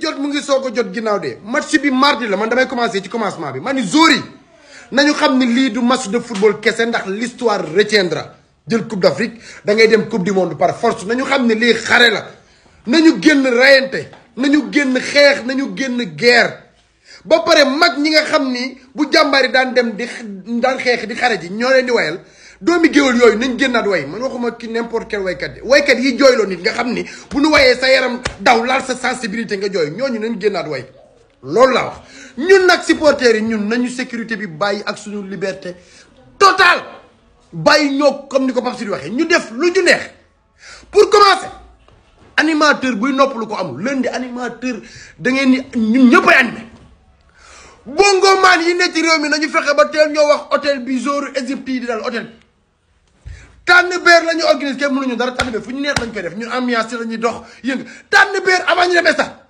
jot mu ngi soog a jot ginnaaw de match bi mardi la man damay commencer ci commencement bi ma ni Zori nañu xam ni lii du match de football kese ndax l'histoire retiendra jël coupe d'Afrique da ngay dem coupe du monde par force nañu xam ne lii xare la nañu génn rayante nañu génn xeex nañu génn guerre ba pare mag ñi nga xam ni bu jàmbaari daan dem di daan xeex di xare ji ñoo leen di wayal doomi géwél yooyu nañ génnaat way man waxuma ki n'importe quel waykat de waykat yi jooyloo nit nga xam ni bu nu wayee sa yaram daw laal sa sensibilité nga jooy ñooñu nañ génnaat way loolu laa wax ñun nag supporters yi ñun nañu sécurité bi bàyyi ak suñu liberté total bàyyi ñoo comme ni ko Pape Sidy waxee ñu def lu ñu neex pour commencer animateur buy nopp lu ko amul lundi animateur da ngeen ni ñun ñëpp ay animé bongo maan yi ne ci réew mi nañu fexe ba teel ñoo wax hôtel bi zooru Égypte yi di dal hôtel tànn beer la ñu organise kenn mënuñu dara tànn beer fu ñu neex lañ koy def ñun ambiance ci la ñuy dox yëngu tànn beer avant ñu dem stade